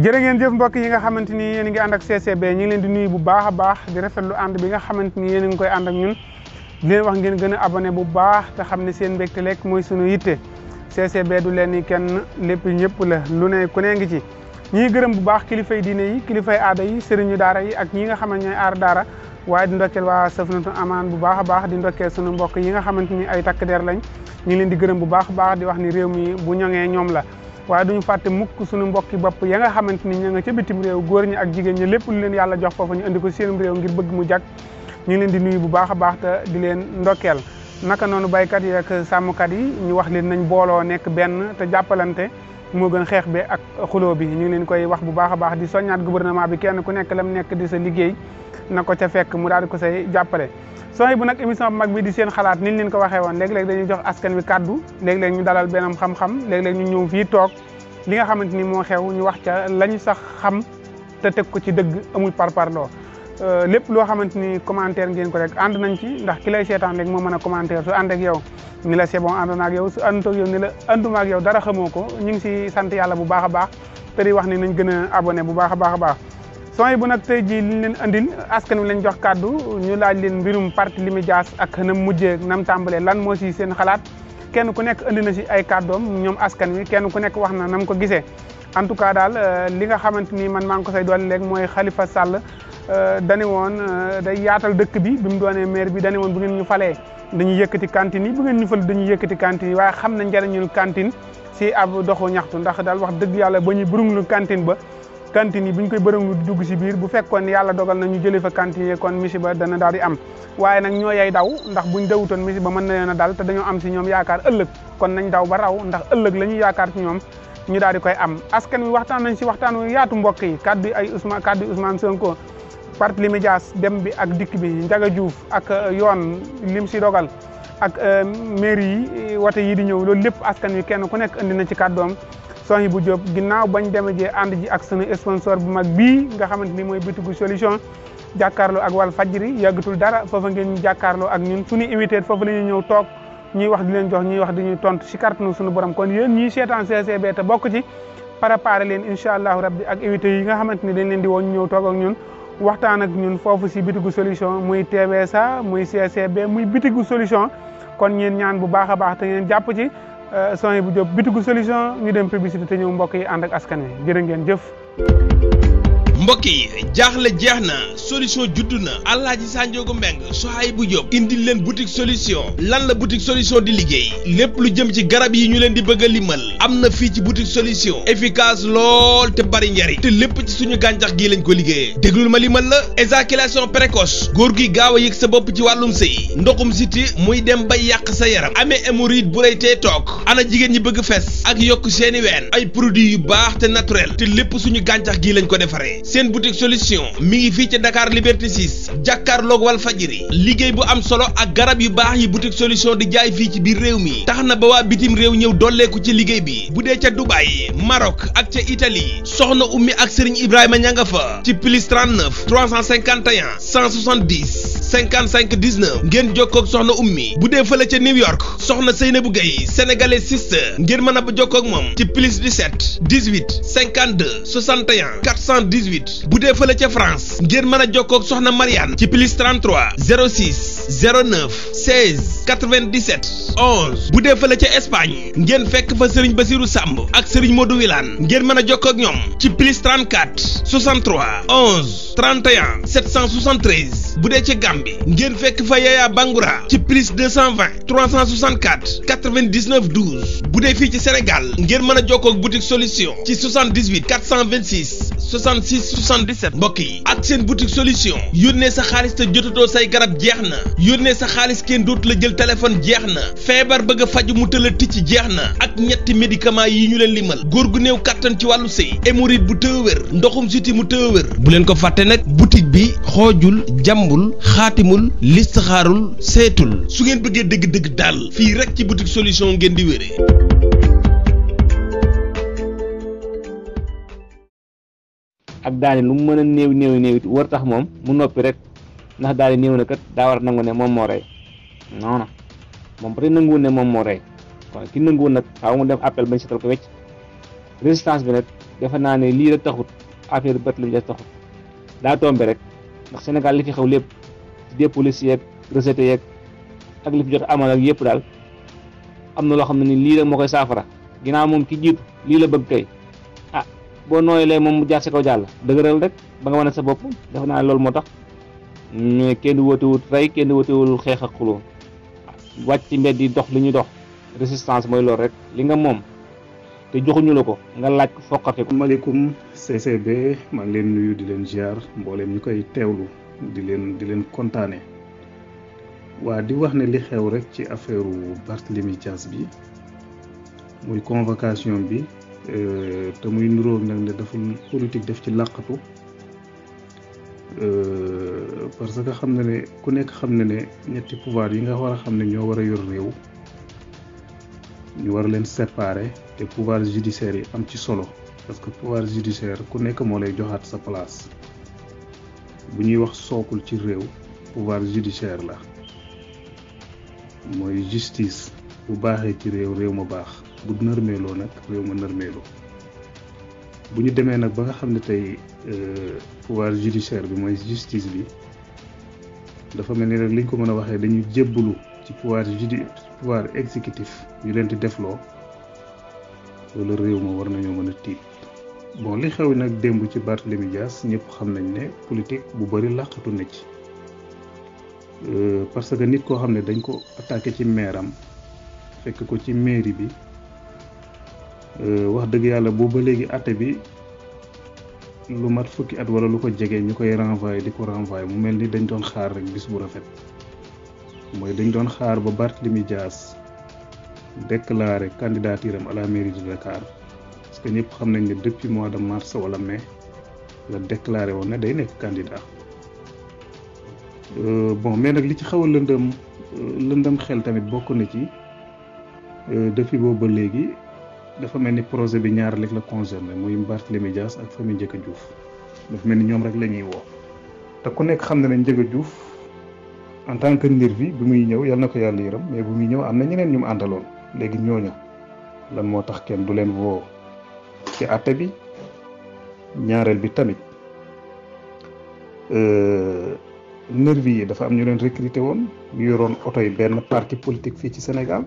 jërë ngeen jëf mbokk yi nga xamante ni yéen a ànd ak CCB ñu ngi leen di nuyu bu baax baax di rafetlu ànd bi nga xamante ni yéen a koy ànd ak ñun di leen wax ngeen gën a abonné bu baax te xam ne seen mbégte lekk mooy sunu yitte CCB du leen ni kenn lépp ñëpp la lu ne ku ne ngi ci ñuy gërëm bu baax kilifay diine yi kilifay aada yi sëriñu daara yi ak ñi nga xam ne ñooy aar daara waaye di ndokkeel waa Safinatoul Amaan bu baax a baax di ndokkeel sunu mbokk yi nga xamante ni ay takk der lañ ñu leen di gërëm bu baax a baax di wax ni réew mi bu ñoŋee ñoom la waaye duñu fàtte mukk suñu mbokki bopp ya nga xamante ni ña nga ca réew góor ñi ak jigéen ñi lépp lu leen yàlla jox foofa ñu indi ko seen réew ngir bëgg mu jag ñu leen di nuyu bu baax a baax te di leen ndokkeel naka noonu baykat yi ak sàmmkat yi ñu wax leen nañ booloo nekk benn te jàppalante moo gën xeex bi ak xuloo bi ñu ngi leen koy wax bu baax a baax di soññaat gouvernement bi kenn ku nekk la mu nekk di sa liggéey na ko ca fekk mu daal di ko say jàppale sooy bu nag émission bu mag bi di seen xalaat ni ñu leen ko waxee woon léeg-léeg dañuy jox askan wi kàddu léeg-léeg ñu dalal benn xam-xam léeg-léeg ñu ñëw fii toog li nga xamante ni moo xew ñu wax ca lañu sax xam te teg ko ci dëgg amul loo Euh, lépp loo xamante ni commentaire ngeen ko rek ànd nañ ci ndax ki lay seetaan rek moo mën a commentaire su ànd ak yow ni la c'est bon ànd yow su àndut ak yow ni la ànduma ak yow dara xamoo ko ñu ngi si sant yàlla bu baax a baax te di wax ni nañ gën a abonné bu baax a baax a baax son bu nag tey jii liñ leen andil askan wi lañ jox kàddu ñu laaj leen mbirum parti li mu jaas ak nam mujjee nam tàmbalee lan moo si seen xalaat kenn ku nekk andi na si ay kàddoom ñoom askan wi kenn ku nekk wax na nam ko gisee en tout cas daal euh, li nga ni man maa ngi ko say dolli léegi mooy Khalifa Sall Euh, dani woon euh, day yaatal dëkk bi bi mu doonee maire bi dani woon bu ngeen ñu falee dañuy yëkkati cantine yi bu ngeen ñu falee dañuy yëkkati cantine yi waaye xam na njariñul cantine daal wax dëgg yàlla ba ñuy bërunglu cantine ba cantine yi bu ñu koy bërënglu di dugg si biir bu fekkoon yàlla dogal na ñu jëlee fa cantine yi kon musiba dana daal di am waaye nag ñoo yay daw ndax buñ dawutoon musiba mën na leen a dal te dañoo am si ñoom yaakaar ëllëg kon nañ daw ba raw ndax ëllëg la ñuy yaakaar si ñoom ñu daal di koy am askan wi waxtaan nañ waxtaan wi yaatu mbokk yi kaddu ay Ousmane kaddu Ousmane Sonko Barthélémy Dias dem bi ak dikk bi Ndiaga Diouf ak euh, yoon lim si dogal ak euh, mairie yi euh, wote yi di ñëw loolu lépp askan wi kenn ku nekk indi na ci yi bu Diop ginnaaw bañ demee jee ànd ji ak seen sponsor bu mag bii nga xamante ni mooy bitigu solution jàkkaarloo ak wàllu fajri yàggatul dara foofa ngeen jàkkaarloo ak ñun suñu invité foofu la ñuy ñëw toog ñuy wax di leen jox ñuy wax di ñuy tontu si kàttanu suñu borom kon yéen ñii seetaan CCB te bokk ci préparé leen incha allahu rabbi ak invité yi nga xamante ni dañ leen di woon ñëw toog ak waxtaan ak ñun foofu si bitigu solution muy TVSA muy CCB muy bitigu solution kon ñeen ñaan bu baax a baax te ngeen jàpp ci euh, son bu jóg bitigu solution ñu dem publicité te ñëw mbokk yi ànd ak askan wi jërë ngeen jëf. mbokk yi jaaxle jeex na solution juddu na Alaaji Sanjoogu Mbeng Sohaybu Jóob indil leen butik solution lan la boutique solution di liggéey lépp lu jëm ci garab yi ñu leen di bëgg a limal am na fii ci boutique solution efficace lool te bari njariñ te lépp ci suñu gàncax gi lañ ko liggéeyee déglul ma limal la éjaculation précoce góor gi gaaw a yëg sa bopp ci wàllum sëy ndoxum siti muy dem bay yàq sa yaram amee hémorroïde bu lay tee toog ana jigéen ñi bëgg fes ak yokk seeni ween ay produits yu baax te naturel lépp suñu gàncax gii lañ ko defaree seen boutique solution mi ngi fii ca ndakaar Liberté 6 jàkkaarloog wal fajiri liggéey bu am solo ak garab yu baax yi boutique solution di jaay fii ci biir réew mi tax na ba waa bitim réew ñëw dolleeku ci liggéey bi bu dee ca dubaay marok ak ca Italie soxna ummi ak Serigne Ibrahima ña nga fa ci plus 39 351 170 55 19 ngeen jokkook ak soxna ummi bu dee fële ca New York soxna Seynabou Gueye sénégalais sister ngeen mën a ba jokkoo moom ci plus 17 18 52 61 418 bu dee fële ca France ngeen mën a jokkoo ak soxna Mariane ci plus 33 06 09 16 97 11 bu dee fële ca Espagne ngeen fekk fa Serigne Basirou Samb ak Serigne Modou Wilane ngeen mën a jokkoo ak ñoom ci plus 34 63 11 31 773 bu dee ca Gambie Gambie ngeen fekk fa Yaya Bangoura ci plus 220 364 99 12 bu dee fii ci Sénégal ngeen mën a jokkoo ak boutique solution ci 78 426 66 77 mbokk yi ak seen boutique solution yónnee sa xaalis te jotatoo say garab jeex na yónnee sa xaalis kenn dootu la jël téléphone jeex na feebar bëgg a faju mu tëla ticc jeex na ak ñetti médicament yi ñu leen limal góor gu néew kàttan ci wàllu sëy hémorroïde bu tëwër ndoxum siti mu tëwër bu leen ko fàtte nag boutique bi xoojul jàmbul xaar xaatimul listixaarul seetul su ngeen bëggee dëgg-dëgg daal fii rek ci boutique solution ngeen di wéree ak daane lu mu mën a néew néew néew war tax moom mu noppi rek ndax daane néew na kat daa war a nangu ne moom moo rey non non kon ki nanguwul nag waaw mu def appel bañ seetal ko wecc résistance bi nag defe naa ne lii rek taxut affaire bët lu ñu taxut daa tombé rek ndax Sénégal li fi xew lépp des polices yeeg recette yeeg ak li fi jot amal ak yëpp daal am na loo xam ne ni lii rek moo koy saafara ginnaaw moom ki jiitu lii la bëgg kay ah boo nooy lay moom mu jaar si kaw jàll dëgëral rek ba nga wane sa bopp def naa loolu moo tax mais kenn wóotewul rey kenn wóotewul xeex ak xuloo wàcc ci mbedd yi dox li ñuy dox résistance mooy loolu rek li nga moom te joxuñu la ko nga laaj ko foqate ko. maaleykum CCB maa leen nuyu di leen ziar mbooleem ñu koy teewlu. di leen di leen kontaane waa di wax ne li xew rek ci affaire Barthélemy Dias bi muy convocation bi euh, te muy niróog nag ne dafa politique def ci làqatu euh, parce que xam ne ne ku nekk xam ne ne ñetti pouvoir yi nga war a xam ne ñoo war a yor réew ñu war a leen séparer te pouvoir judiciaire yi am ci solo parce que pouvoir judiciaire ku nekk moo lay joxaat sa place bu ñuy wax sookul ci réew pouvoir judiciaire la mooy justice bu baaxee ci réew réew ma baax bu nërmeeloo nag réew ma nërmeeloo bu ñu demee nag ba nga xam ne tey euh, pouvoir judiciaire bi mooy justice bi dafa mel ni rek liñ ko mën a waxee dañuy jébbalu ci pouvoir judi pouvoir exécutif ñu leen di defloo loolu réew ma war nañoo mën a tiit bon li xew nag démb ci Barthélemy Dias ñëpp xam nañ ne politique bu bëri làqatu na ci euh, parce que nit koo xam ne dañ ko attaqué ci meeram fekk ko ci mairie bi euh, wax dëgg yàlla booba léegi àtte bi lu mat fukki at wala lu ko jege ñu koy renvoyé di ko renvoyé mu mel ni dañ doon xaar rek bis bu rafet mooy dañ doon xaar ba Barthélemy Dias déclaré candidaturam à la mairie de Dakar parce que xam nañ ne depuis mois de mars wala mais la déclaré woon na day nekk candidat euh, bon mais nag li ci xaw a lëndëm euh, lëndëm xel tamit bokk na ci euh, depuis boobu ba léegi dafa mel ni projet bi ñaar rek la concerné muy Barthélémy Dias ak famille Ndiaga Diouf dafa mel ni ñoom rek la ñuy woo te ku nekk xam na ne Ndiaga Diouf en tant que nervi bi muy ñëw yal na ko yàlla yërëm mais bu muy ñëw am na ñeneen ñu mu àndaloon léegi ñooñu lan moo tax kenn du leen woo. ci àtte bi ñaareel bi tamit euh, nervi yi dafa am ñu leen recruter woon ñu yoroon oto yi benn parti politique fii ci Sénégal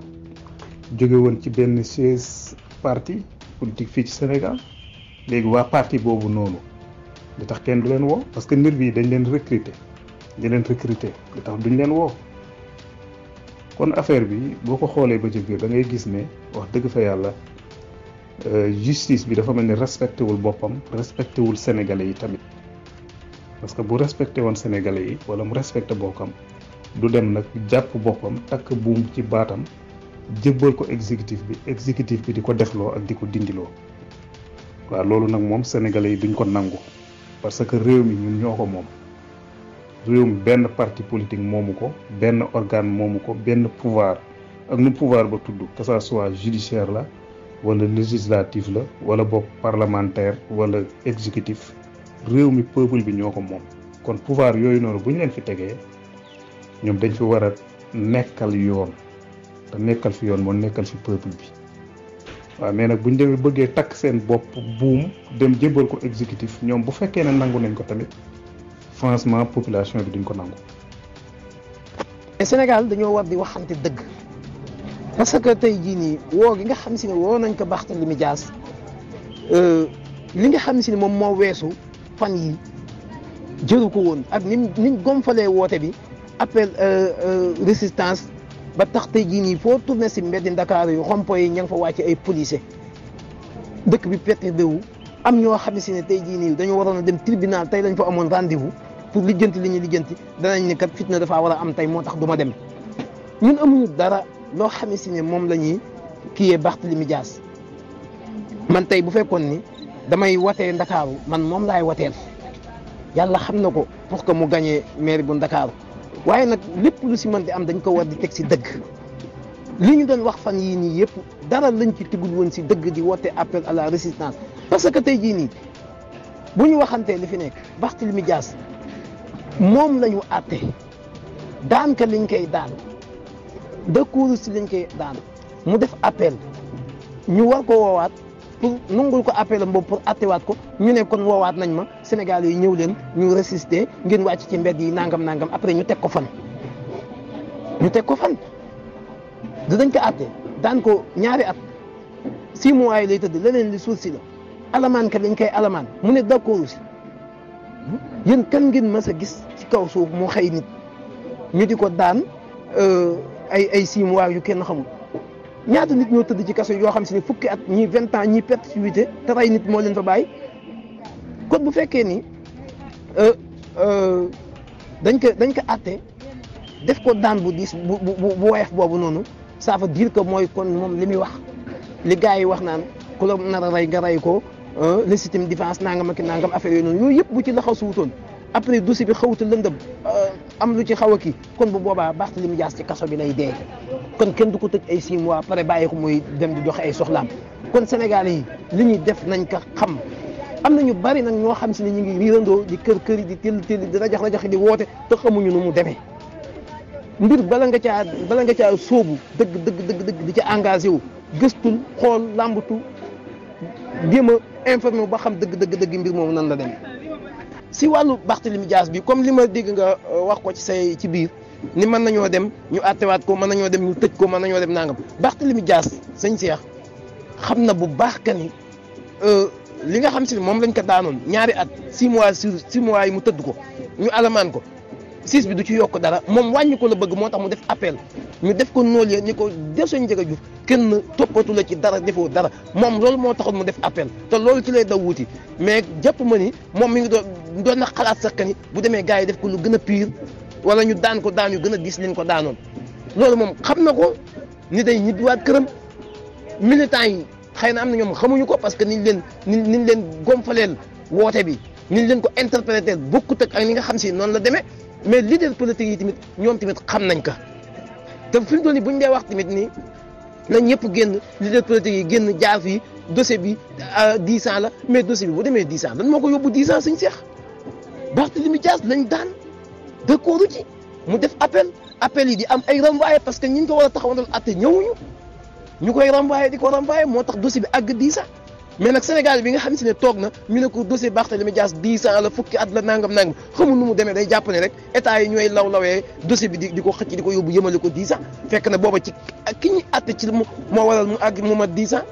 jóge woon ci benn chaise parti politique fii ci Sénégal léegi waa parti boobu noonu li tax kenn du leen woo parce que nervi yi dañ leen recruter di leen recruter li tax duñ leen woo kon affaire bi boo ko xoolee ba ci biir da ngay gis ne wax dëgg fa yàlla. Euh, justice bi dafa mel ni respecté wul boppam respecté wul sénégalais yi tamit parce que bu respecté woon sénégalais yi wala mu respecté bokkam du dem nag jàpp boppam takk buum ci baatam jébbal ko exécutif bi exécutif bi di ko defloo ak di ko dindiloo waaw loolu nag moom sénégalais yi duñ ko nangu parce que réew mi ñun ñoo ko moom réew mi benn parti politique moomu ko benn organe moomu ko benn pouvoir ak nu pouvoir ba tudd que ça judiciaire la wala législatif la wala boog parlementaire wala exécutif réew mi peuple bi ñoo ko moom kon pouvoir yooyu noonu bu ñu leen fi tegee ñoom dañ fi war a nekkal yoon te nekkal fi yoon moo nekkal fi peuple bi waaw mais nag bu ñu demee bëggee takk seen bopp buum dem jébbal ko exécutif ñoom bu fekkee na nangu nañ ko tamit franchement population bi duñ ko nangu. Sénégal dañoo war di waxante dëgg. parce que tey jii nii woo gi nga xam si ne woo nañ ko Barthélémy Dias euh, li nga xam si ne moom moo weesu fan yi jëru ko woon ak ni niñ gomfalee woote bi appel euh, euh, résistance ba tax tey jii nii foo tourné si mbeddi Ndakaar yu xompo yi ña nga fa wàcce ay policier dëkk bi pété déwu am ñoo xam si ne tey jii nii dañu waroon a dem tribunal tey lañ fa amoon rendez pour lijjanti li ñuy lijjanti danañ ne kat fitna dafa war a am tey moo tax du ma dem ñun amuñu dara loo xamee ne moom la ñuy kiyee Barthélemy Dias man tey bu fekkoon ni damay watee Ndakaaru man moom laay wateel yàlla xam na ko pour que mu gañee maire bu Ndakaaru waaye nag lépp lu si mën di am dañ ko war di teg si dëgg li ñu doon wax fan yii nii yëpp dara lañ ci tigul woon si dëgg di woote appel à la résistance parce que tey jii nii bu ñu waxantee li fi nekk li Dias moom lañu ñu àtte daan ka liñ koy daan dëkkuwul si lañ koy daan mu def appel ñu war ko woowaat pour nungul ko appelam boobu pour attewaat ko ñu ne kon woowaat nañ ma Sénégal yi ñëw leen ñu résister ngeen wàcc ci mbedd yi nàngam nangam après ñu teg ko fan ñu teg ko fan dinañ ko atte daan ko ñaari at si mois yi lay tëdd leneen li suuf si la alamaan ka lañ koy alamaan mu ne d'accord si yéen kan ngeen mës a gis ci kaw suuf mu xëy nit ñu di ko daan euh, ay ay six yu kenn xamul ñaata nit ñoo tëdd ci kaso yoo xam si ni fukki at ñii vingt ans ñii perpétuité te rey nit moo leen fa bàyyi kon bu fekkee ni euh, euh, dañ ko dañ ko àtte def ko daan bu diis bu bu bu woyof boobu noonu ça veut ko mooy kon moom li muy wax li gars yi wax naan ku la nar a rey nga rey ko euh, légitime naa nangam ak nangam affaire yooyu noonu yooyu yëpp bu ci laxasuutoon après dossier bi xaw xawuta lëndëm euh, am lu ci xaw a kii kon bu boobaa Barthélémy Dias ci kaso bi lay dee kon kenn du ko tëj ay six mois pare bàyyi ko muy dem di joxe ay soxlaam kon Sénégalais yi li ñuy def nañ ka xam am na ñu bari nag ñoo xam si ne ñu ngi riirandoo di kër kër yi di tëll tëll di rajax rajax di woote te xamuñu nu mu demee mbir bala nga caa bala nga caa sóobu dëgg dëgg dëgg dëgg di ci engagé wu gëstul xool làmbatu jéem a informé ba xam dëgg dëgg dëgg mbir moom nan la demee. si wàllu Barthélemy Dias bi comme li ma dégg nga euh, wax ko ci say ci biir ni mën nañoo dem ñu àttewaat ko mën nañoo dem ñu tëj ko mën nañoo dem baax nangam Barthélemy jaas sañ Cheikh xam na bu baax ka ni euh, li nga xam si ne moom lañ ko daanoon ñaari at six mois sur six mois yi mu tëdd ko ñu alamaan ko siis bi du ci yokk dara moom wàññi ko la bëgg moo tax mu def appel ñu def ko nool ni ko def sañ njëg a juf kenn toppatu la ci dara defoo dara moom loolu moo taxoon mu def appel doon na xalaat sax que ni bu demee gars yi def ko lu gën a pire wala ñu daan ko daan yu gën a gis liñ ko daanoon loolu moom xam na ko ni day ñibbiwaat këram militant yi xëy na am na ñoom xamuñu ko parce que niñ leen ni niñ leen gomfaleel woote bi niñ leen ko interpréter bokkut ak li nga xam si noonu la demee mais leader politique yi tamit ñoom tamit xam nañ ka te fi mu toll nii buñ dee wax tamit nii na ñëpp génn leader politique yi génn jaar fii dossier bi euh, dix la mais bi bu demee dix ans lan yóbbu dix ans suñ seex Barthélemy Dias lañ daan dëkkooru ci mu def appel appel yi di am ay renvoyé parce que ñi ko war a taxawandal atte ñëwuñu ñu koy renvoyé di ko renvoyé moo tax dossier bi àgg dix ans mais nag Sénégal bi nga xam si ne toog na ñu ne ko dossier Barthélemy Dias dix ans la fukki at la nangam nangam xamul nu mu demee day jàpp ne rek état yi ñooy law lawee dossier bi di di ko xëcc di ko yóbbu yëmale ko dix ans fekk na booba ci ki ñuy atte ci moo waral mu àgg mu mat dix ans.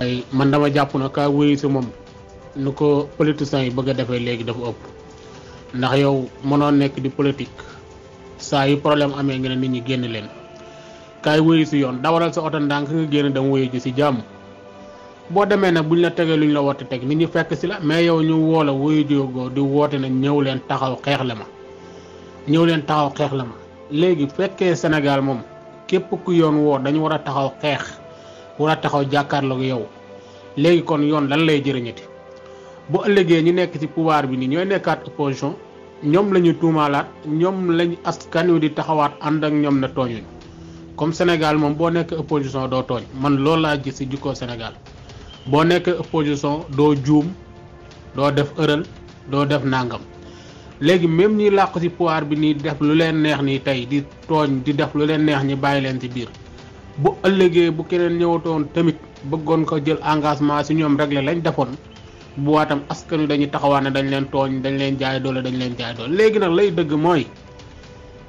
ay man dama jàpp na ka wéy sa moom. nu ko politiciens yi bëgg a defee léegi dafa ëpp ndax yow mënoo nekk di politique saa yi problème amee nga ne nit ñi génn leen kaay wéyu si yoon dawalal sa oto ndànk nga génn dem wéyu ji si jàmm boo demee nag buñ la tegee luñ la woote teg nit ñi fekk si la mais yow ñu woo la wéyu jógoo di woote ne ñëw leen taxaw xeex la ma ñëw leen taxaw xeex la ma léegi fekkee Sénégal moom képp ku yoon woo dañu war a taxaw xeex war a taxaw jàkkaarloog yow léegi kon yoon lan lay jëriñati bu ëllëgee ñu nekk ci pouvoir bi nii ñooy nekkaat opposition ñoom la ñu tuumaalaat ñoom lañ askan wi di taxawaat ànd ak ñoom na tooñuñ comme Sénégal moom boo nekk opposition doo tooñ man loolu laa gis ci jukkoo Sénégal boo nekk opposition doo juum doo def ëral doo def nàngam léegi même ñi làqu ci pouvoir bi nii def lu leen neex nii tey di tooñ di def lu leen neex ñi bàyyi leen ci biir bu ëllëgee bu keneen ñëwatoon tamit bëggoon ko jël engagement ci ñoom régler lañ defoon bu waatam askan wi dañuy taxawaa ne dañ leen tooñ dañ leen jaay doole dañ leen jaay doole léegi nag lay dëgg mooy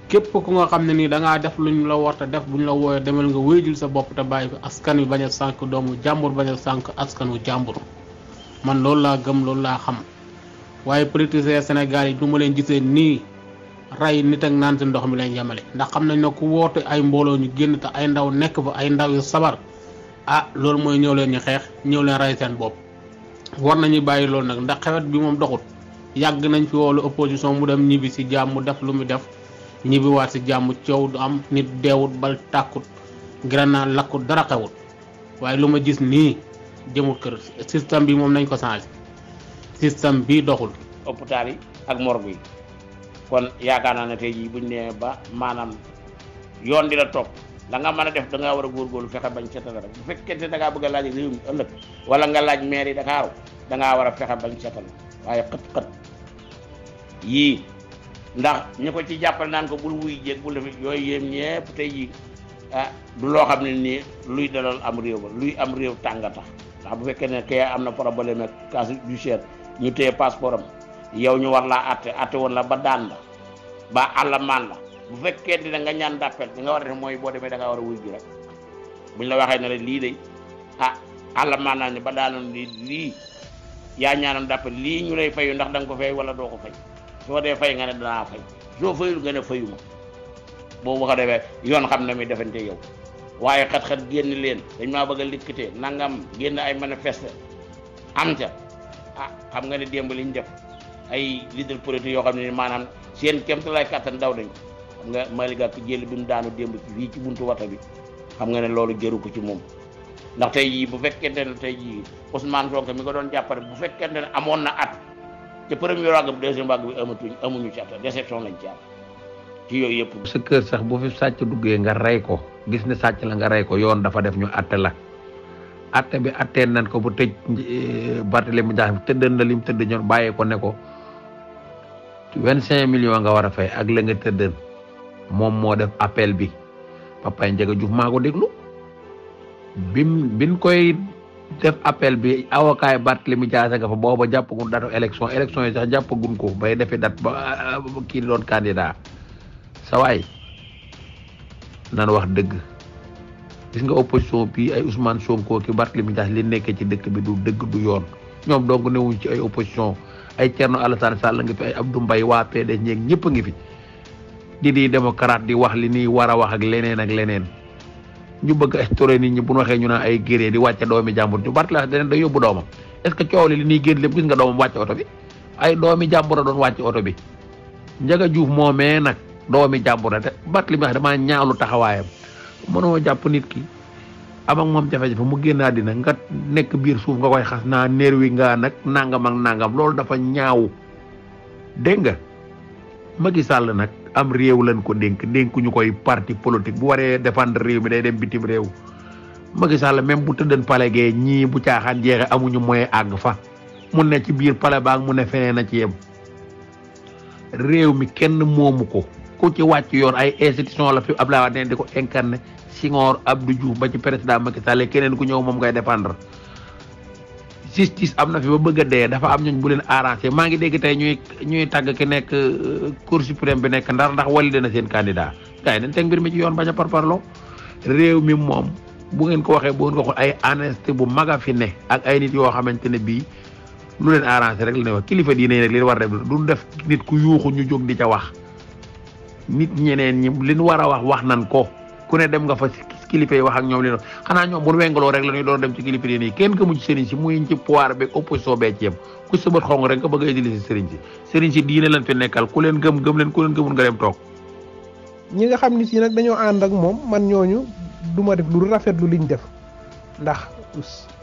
képp ku nga xam ne nii dangaa def luñ la warta def bu ñu la wooyee demal nga wéyjul sa bopp te bàyyi fi askan wi bañ a sànq doomu jàmbur bañ a sànq askan wu jàmbur man loolu laa gëm loolu laa xam waaye politiciens Sénégal yi du ma leen gisee nii rey nit ak naan si ndox mi leen yemale ndax xam nañ ne ku woote ay mbooloo ñu génn te ay ndaw nekk fa ay ndaw yu sabar ah, loolu mooy ñëw leen ñu xeex ñëw leen rey seen war nañu bàyyi loolu nag ndax xewet bi moom doxut yàgg nañ fi woolu opposition mu dem ñibbi si jàmm def lu muy def ñibbiwaat si jàmm coow du am nit deewut bal tàkkut grenade lakkut dara xewut waaye lu ma gis nii jëmul kër système bi moom nañ ko changé système bi doxul. hôpital yi ak morgue yi kon yaakaar naa ne tey jii buñ nee ba maanaam yoon di la topp. la nga mën a def da ngaa war a góorgóorlu fexe bañ seetal rek bu fekkente da ngaa bëgg a laaj réew mi ëllëg wala nga laaj maire yi Dakaaru da war a fexe bañ seetal waaye xët-xët yii ndax ñu ko ci jàppale naan ko bul wuy jéeg bul def yooyu yéen ñëpp tey jii ah, du loo xam ne nii luy dalal am réew ba luy am réew tàngata tax ndax bu fekkee ne kay am na problème ak cas du cher ñu téye passeport am yow ñu war laa atte atte woon la ba daan la ba àllamaan la bu fekkee ne da nga ñaan d'appel li nga war a def mooy boo demee da a wuy ji rek buñ la waxee ne lii day ah àlla maanaam ne ba daanoon lii lii yaa ñaanoon d'appel lii ñu lay fayu ndax danga ko fay wala doo ko fay soo dee fay nga ne danaa fay soo fayul nga ne fayu ma boobu ko defee yoon xam ne mi defante yow waaye xat-xat génn leen dañ maa bëgg a likkite nangam génn ay manifeste am ca ah xam nga ne démb liñ def ay de politique yoo xam ne maanaam seen kéemtalaay kàttan daw nañ ko nga Malick Gakou jël bi mu daanu démb fii ci buntu wata bi xam nga ne loolu jëru ko ci moom ndax tey jii bu fekkente ne tey jii Ousmane Sonko mi ko doon jàppale bu fekkente ne amoon na at ci premier vague bi deuxième vague amatuñ amuñu ci at déception lañ ci am ci yooyu yëpp. sa kër sax boo fi sàcc duggee nga rey ko gis ne sàcc la nga rey ko yoon dafa def ñu atte la atte bi attee nañ ko bu tëj eh, Barthélémy Dias bi tëddan na lim tëdd ñoon bàyyeeko ko ne ko vingt cinq million nga war a fay ak la tëddën moom moo def appel bi Papa Ndiaga Diouf maa ko déglu bim bin koy def appel bi awokaay Barthélémy Dias nga fa booba jàppagum datu élection élection yi sax jàppagun ko bay defi dat ba kii doon candidat sa waay nan wax dëgg gis nga opposition bi ay Ousmane Sonko ki Barthélémy Dias li nekkee ci dëkk bi du dëgg du yoon ñoom donc newuñ ci ay opposition ay Thierno Alassane Sall nga fi ay Abdou Mbaye waa PDS ñeeg ñëpp a ngi fi di di démocrate di wax li ni war a wax ak leneen ak leneen ñu bëgg instauré nit ñi bu waxee ñu na ay guerrier di wàcce doomi jàmbur ñu Barthélémy Dias day yóbbu doomam est ce que coow li li ñuy génn lépp bi ay doomi jàmbur doon wàcce oto bi Ndiaga Diouf moomee nag doomi jàmbur la te Barthélémy damaa ñaawlu taxawaayam mënoo jàpp nit ki am moom jafe-jafe mu génn àddina nga nekk biir suuf nga koy xas naa néer wi ngaa nag nangam ak nangam loolu dafa ñaaw dégg nga Macky Sall nag am réew lañ ko dénk dénkuñu koy parti politique bu waree dépendre réew mi day dem bitim réew Macky Sall même bu tëddan pale gee ñii bu caaxaan jeexe amuñu moyen àgg fa mu ne ci biir pale baa mu ne feneen a ci yem réew mi kenn moomu ko ku ci wàcc yoon ay institution la fi Abdoulaye Wade di ko incarné Senghor Abdou Diouf ba ci président Macky Sall keneen ku ñëw moom ngay dépendre justice am na fi ba bëgg dee dafa am ñooñ bu leen arrangé maa ngi dégg tey ñuy ñuy tàgg ki nekk euh, cour suprême bi nekk ndar ndax wali dana seen candidat gars yi nañ teg mbir mi ci yoon bañ a parparloo réew mi moom bu ngeen ko waxee bu ngeen ko ay honnêteté bu mag fi ne ak ay nit yoo xamante ne bii lu leen arrangé rek la ñuy wax kilifa diine rek li war def du def nit ku yuuxu ñu jóg di ca wax nit ñeneen ñi liñ war a wax wax nan ko ku ne dem nga fa kilifa yi wax ak ñoom li xanaa ñoom bu nu wengaloo rek la ñuy doon dem ci kilifa yi nii kenn ka mujj sëriñ si muy ci pouvoir beeg opposition bee ci ku sëbat xong rek nga bëgg a utiliser sëriñ si sëriñ si diine lan fi nekkal ku leen gëm gëm leen ku leen gëmul nga dem toog ñi nga xam ni si nag dañoo ànd ak moom man ñooñu du ma def lu rafetlu liñ def ndax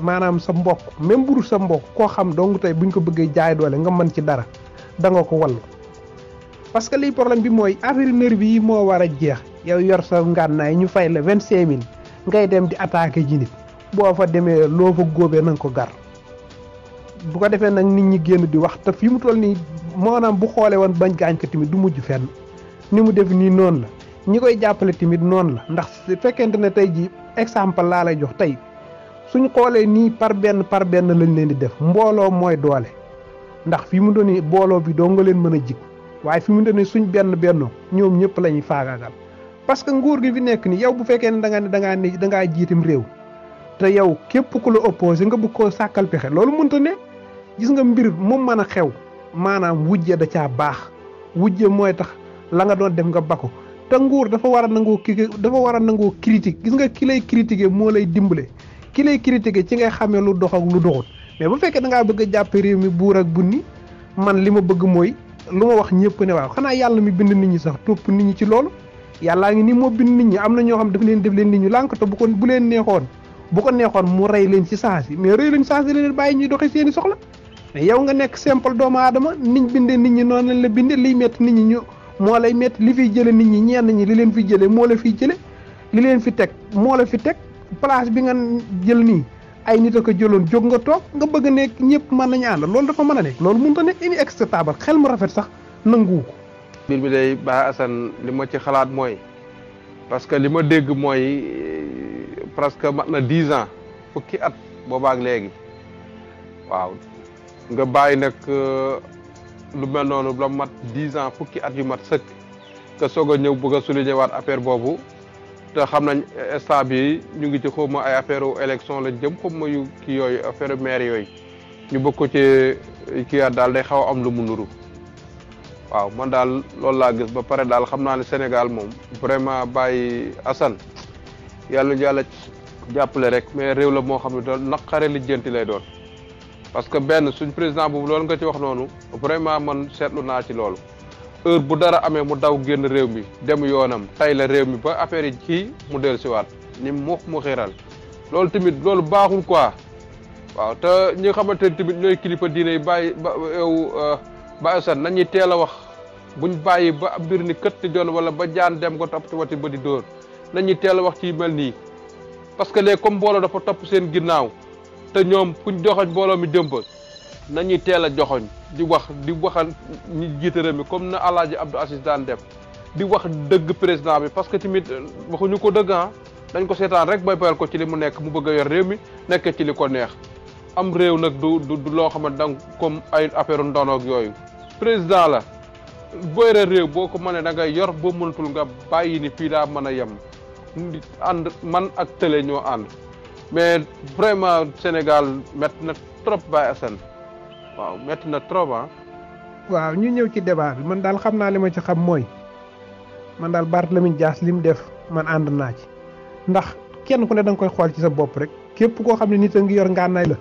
maanaam sa mbokk même bu dul sa mbokk koo xam dong tey buñ ko bëggee jaay doole nga mën ci dara da nga ko wall parce que liy problème bi mooy affaire moo war a jeex yow yor sa ngànnaay ñu fay la vingt cinq mille ngay dem di attaqué ji nit boo fa demee loo fa góobee na ko gar bu ko defee nag nit ñi génn di wax te fi mu toll nii maanaam bu xoolee woon bañ gaañ ko tamit du mujj fenn ni mu def nii noon la ñi koy jàppale tamit noon la ndax su fekkente ne tey jii exemple laa lay jox tey suñu xoolee nii par benn par benn lañ leen di def mbooloo mooy doole ndax fi mu doon nii mbooloo bi doo nga leen mën a jig waaye fi mu doon nii suñ benn benn ñoom ñëpp la ñuy faagaagal parce que nguur gi fi nekk ni yow bu fekkee ne da ngaa ne da ngaa ne jiitim réew te yow képp ku la opposé nga bëgg koo sàkkal pexe loolu mënta ne gis nga mbir moom mën a xew maanaam wujje da caa baax wujje mooy tax la nga doon def nga bako te nguur dafa war a nangoo ki dafa war a nangoo critique gis nga ki lay critiquer moo lay dimbale ki lay ci ngay xamee lu dox lu doxut mais bu fekkee dangaa bëgg jàppe réew mi buur ak bunni man li ma bëgg mooy lu ma wax ñëpp ne waaw xanaa yàlla mi bind nit ñi sax topp nit ñi ci loolu yàllaa ngi ni moo bind nit ñi am na ñoo xam daf leen def leen nit ñu lànk te bu ko bu leen neexoon bu ko neexoon mu rey leen ci saasi mais rey leen saasi leen bàyyi ñuy doxee seen i soxla mais yow nga nekk simple doomu aadama niñ nit ñi noonu lañ la bindee liy metti nit ñi ñu moo lay met li fiy jële nit ñi ñenn ñi li leen fi jële moo la fiy jële li leen fi teg moo la fi teg place bi nga jël nii ay nit a ko jëloon jóg nga toog nga bëgg a nekk ñëpp mën nañu ànd loolu dafa mën a nekk loolu mënut a nekk inacceptable xel mu rafet sax nanguwu mbir mi day Baye Assane li ma ci xalaat mooy parce que li ma dégg mooy presque mat na dix ans fukki at boobaak léegi waaw nga bàyyi nag euh, lu mel noonu la mat dix ans fukki at yu mat sëkk te soog a ñëw bugga a souligner waat affaire boobu te xam nañ instant bi ñu ngi ci xawma ay affaire u élection lañ jëm xawma yu kii yooyu affaire maire yooyu ñu bëgg ko ci kii daal day xaw a am lu mu nuru waaw man daal loolu laa gis ba pare daal xam naa ne Sénégal moom vraiment bàyyi assan yàlla yàlla jàppale rek mais réew la moo xam ne doon naqare lijjanti lay doon parce que benn suñ président boobu loolu nga ci wax noonu vraiment man seetlu naa ci loolu heure bu dara amee mu daw génn réew mi dem yoonam tay la réew mi ba affaire yi kii mu del siwaat ni mu mu xiral loolu tamit loolu baaxul quoi waaw te ñi nga xamante ne tamit ñooy diine yi bàyyi ba yow euh, ba asan nañuy teel a wax buñ bàyyi ba mbir ni këtt joon wala ba jaan dem ko topp ci ba di dóor nañuy teel a wax ci mel nii parce que léegi comme mbooloo dafa topp seen ginnaaw te ñoom kuñ joxoñ mbooloo mi jëmba nañuy teel a joxoñ di wax di waxal ñi jiite réew mi comme na alaaji Abdou Aziz daan def di wax dëgg président bi parce que tamit euh, waxuñu ko dëgg ah dañ ko seetaan rek bay bayal ko ci li mu nekk mu bëgg a yor réew mi nekk ci li ko neex am réew nag du du loo xamante danga comme ay affaire ndoonoog yooyu président la booy réew boo ko mënee da nga yor ba mënatul nga bàyyi ni fii daa mën a yem ànd man ak tële ñoo ànd mais vraiment Sénégal metti na trop Baye Assane waaw metti na trop ah. waaw ñu ñëw ci débat bi man daal xam naa li ma ci xam mooy man daal Barthélémy Dias li mu def man ànd naa ci ndax kenn ku ne da koy xool ci sa bopp rek képp koo xam ne nit a ngi yor ngànnaay la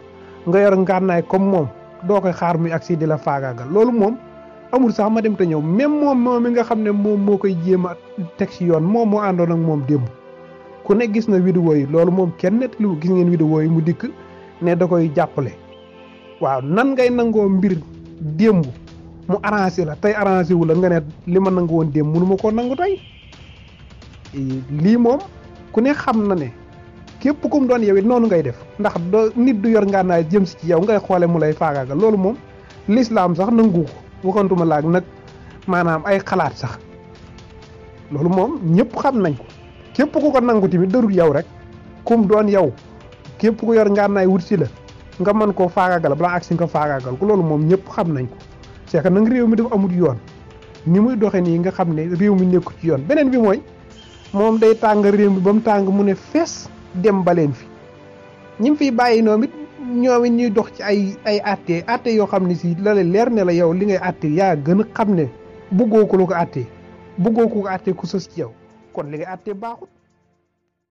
nga yor ngànnaay comme moom. doo koy xaar muy agsi di la faagaagal loolu moom amul sax ma dem te ñëw même moom moom mi nga xam ne moom moo koy jéem a teg ci yoon moom moo àndoon ak moom démb ku ne gis na vidéo yi loolu moom kenn nettaliwu gis ngeen vidéo yi mu dikk ne da koy jàppale waaw nan ngay nangoo mbir démb mu arrangé la tey arrangé wu la li ma nangu woon démb mënu ma koo nangu tey lii moom ku ne xam na ne képp ku mu doon yow it noonu ngay def ndax nit du yor ngànnaay jëm si ci yow ngay xoole mu lay faagaaga loolu moom lislaam sax nangu ko waxantuma laag nag maanaam ay xalaat sax loolu moom ñëpp xam nañ ko képp ku ko nangu tamit dërul yow rek ku mu yow képp ku yor ngànnaay wut si la nga mën koo faagaagal balaa agsi nga faagaagal ko loolu moom ñëpp xam nañ ko c'est que réew mi dafa amul yoon ni muy doxee nii nga xam ne réew mi nekku ci yoon beneen bi mooy moom day tàng réew mi ba mu tàng mu ne fees dem baleen fi ñi fiy bàyyi noom it ñoom ñuy dox ci ay ay atte atte yoo xam ne si la la leer ne la yow li ngay atte yaa gën a xam ne bëggoo ko lu ko atte bëggoo ko ko atte ku sës ci yow kon li ngay atte baaxut